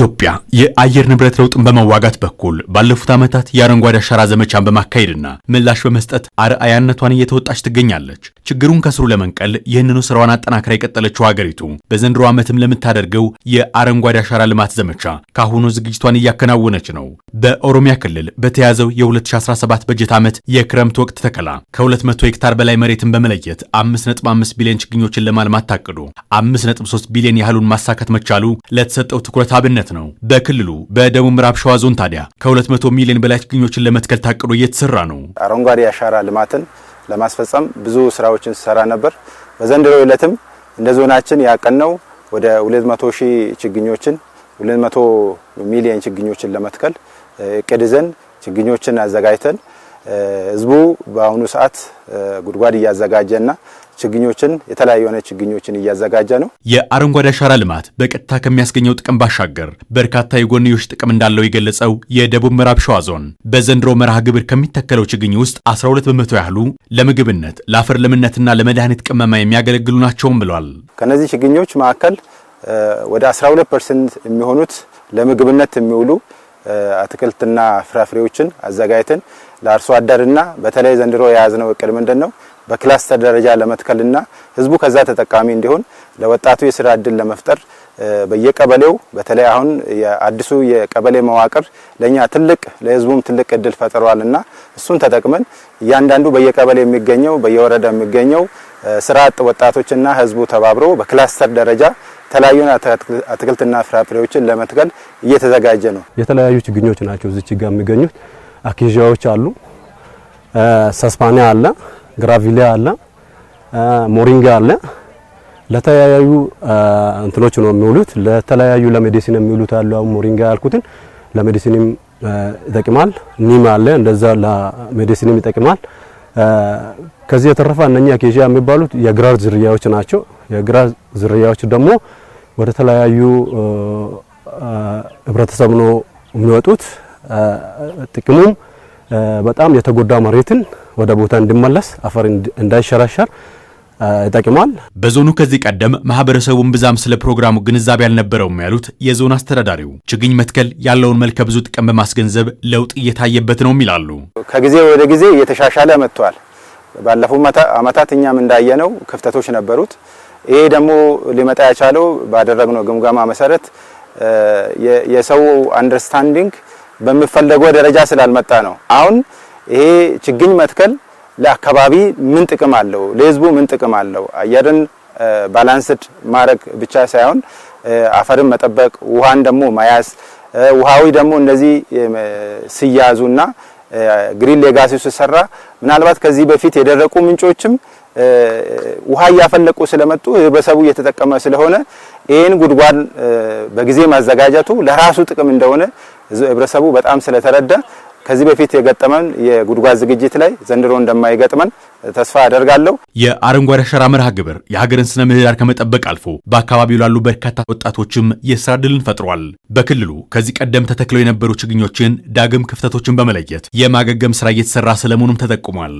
ኢትዮጵያ የአየር ንብረት ለውጥን በመዋጋት በኩል ባለፉት ዓመታት የአረንጓዴ አሻራ ዘመቻን በማካሄድና ምላሽ በመስጠት አርአያነቷን እየተወጣች ትገኛለች። ችግሩን ከስሩ ለመንቀል ይህንኑ ስራዋን አጠናክራ የቀጠለችው ሀገሪቱ በዘንድሮ ዓመትም ለምታደርገው የአረንጓዴ አሻራ ልማት ዘመቻ ከአሁኑ ዝግጅቷን እያከናወነች ነው። በኦሮሚያ ክልል በተያዘው የ2017 በጀት ዓመት የክረምት ወቅት ተከላ ከ200 ሄክታር በላይ መሬትን በመለየት 5.5 ቢሊዮን ችግኞችን ለማልማት ታቅዶ 5.3 ቢሊዮን ያህሉን ማሳካት መቻሉ ለተሰጠው ትኩረት አብነት ማለት ነው። በክልሉ በደቡብ ምዕራብ ሸዋ ዞን ታዲያ ከ200 ሚሊዮን በላይ ችግኞችን ለመትከል ታቅዶ እየተሰራ ነው። አረንጓዴ አሻራ ልማትን ለማስፈጸም ብዙ ስራዎችን ሲሰራ ነበር። በዘንድሮ ዕለትም እንደ ዞናችን ያቀነው ወደ 200 ሺህ ችግኞችን 200 ሚሊዮን ችግኞችን ለመትከል እቅድ ይዘን ችግኞችን አዘጋጅተን ህዝቡ በአሁኑ ሰዓት ጉድጓድ እያዘጋጀና ችግኞችን የተለያዩ አይነት ችግኞችን እያዘጋጀ ነው። የአረንጓዴ አሻራ ልማት በቀጥታ ከሚያስገኘው ጥቅም ባሻገር በርካታ የጎንዮሽ ጥቅም እንዳለው የገለጸው የደቡብ ምዕራብ ሸዋ ዞን በዘንድሮ መርሃ ግብር ከሚተከለው ችግኝ ውስጥ 12 በመቶ ያህሉ ለምግብነት፣ ለአፈር ለምነትና ለመድኃኒት ቅመማ የሚያገለግሉ ናቸውም ብሏል። ከነዚህ ችግኞች መካከል ወደ 12 ፐርሰንት የሚሆኑት ለምግብነት የሚውሉ አትክልትና ፍራፍሬዎችን አዘጋጅተን ለአርሶ አደርና በተለይ ዘንድሮ የያዝነው እቅድ ምንድን ነው በክላስተር ደረጃ ለመትከልና ህዝቡ ከዛ ተጠቃሚ እንዲሆን ለወጣቱ የስራ እድል ለመፍጠር በየቀበሌው በተለይ አሁን የአዲሱ የቀበሌ መዋቅር ለኛ ትልቅ ለህዝቡም ትልቅ እድል ፈጥሯልና እሱን ተጠቅመን እያንዳንዱ በየቀበሌ የሚገኘው በየወረዳ የሚገኘው ስራ አጥ ወጣቶችና ህዝቡ ተባብሮ በክላስተር ደረጃ የተለያዩ አትክልትና ፍራፍሬዎችን ለመትከል እየተዘጋጀ ነው። የተለያዩ ችግኞች ናቸው እዚች ጋር የሚገኙት። አኪዣዎች አሉ፣ ሰስፓኒያ አለ ግራቪሊያ አለ፣ ሞሪንጋ አለ። ለተለያዩ እንትኖች ነው የሚውሉት። ለተለያዩ ለሜዲሲን የሚውሉት አሉ። አሁን ሞሪንጋ ያልኩትን ለሜዲሲንም ይጠቅማል። ኒም አለ እንደዛ ለሜዲሲንም ይጠቅማል። ከዚህ የተረፈ እነኛ አኬሺያ የሚባሉት የግራር ዝርያዎች ናቸው። የግራር ዝርያዎች ደግሞ ወደ ተለያዩ ህብረተሰብ ነው የሚወጡት። ጥቅሙም በጣም የተጎዳ መሬትን ወደ ቦታ እንዲመለስ አፈር እንዳይሸራሸር ይጠቅማል። በዞኑ ከዚህ ቀደም ማህበረሰቡን ብዛም ስለ ፕሮግራሙ ግንዛቤ አልነበረውም ያሉት የዞን አስተዳዳሪው ችግኝ መትከል ያለውን መልከ ብዙ ጥቅም በማስገንዘብ ለውጥ እየታየበት ነው ይላሉ። ከጊዜ ወደ ጊዜ እየተሻሻለ መጥቷል። ባለፉ አመታት እኛም እንዳየነው ክፍተቶች ነበሩት። ይሄ ደግሞ ሊመጣ ያቻለው ባደረግነው ግምገማ መሰረት የሰው አንደርስታንዲንግ በሚፈለገው ደረጃ ስላልመጣ ነው። አሁን ይሄ ችግኝ መትከል ለአካባቢ ምን ጥቅም አለው? ለህዝቡ ምን ጥቅም አለው? አየርን ባላንስድ ማድረግ ብቻ ሳይሆን አፈርን መጠበቅ፣ ውሃን ደግሞ መያዝ ውሃዊ ደግሞ እነዚህ ሲያዙና ግሪን ሌጋሲ ሲሰራ ምናልባት ከዚህ በፊት የደረቁ ምንጮችም ውሃ እያፈለቁ ስለመጡ ህብረተሰቡ እየተጠቀመ ስለሆነ ይህን ጉድጓድ በጊዜ ማዘጋጀቱ ለራሱ ጥቅም እንደሆነ ህብረተሰቡ በጣም ስለተረዳ ከዚህ በፊት የገጠመን የጉድጓድ ዝግጅት ላይ ዘንድሮ እንደማይገጥመን ተስፋ አደርጋለሁ። የአረንጓዴ አሻራ መርሃ ግብር የሀገርን ስነ ምህዳር ከመጠበቅ አልፎ በአካባቢው ላሉ በርካታ ወጣቶችም የስራ እድልን ፈጥሯል። በክልሉ ከዚህ ቀደም ተተክለው የነበሩ ችግኞችን ዳግም ክፍተቶችን በመለየት የማገገም ስራ እየተሰራ ስለመሆኑም ተጠቁሟል።